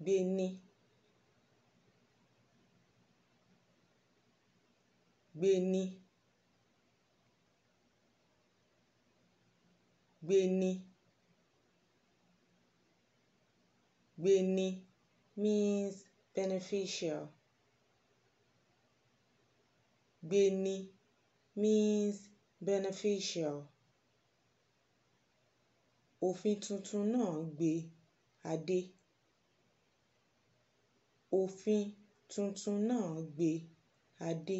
gbéní gbéní gbéní gbéní means beneficial gbéní means beneficial òfin tuntun náà gbe adé Òfin tuntun náà gbe adé.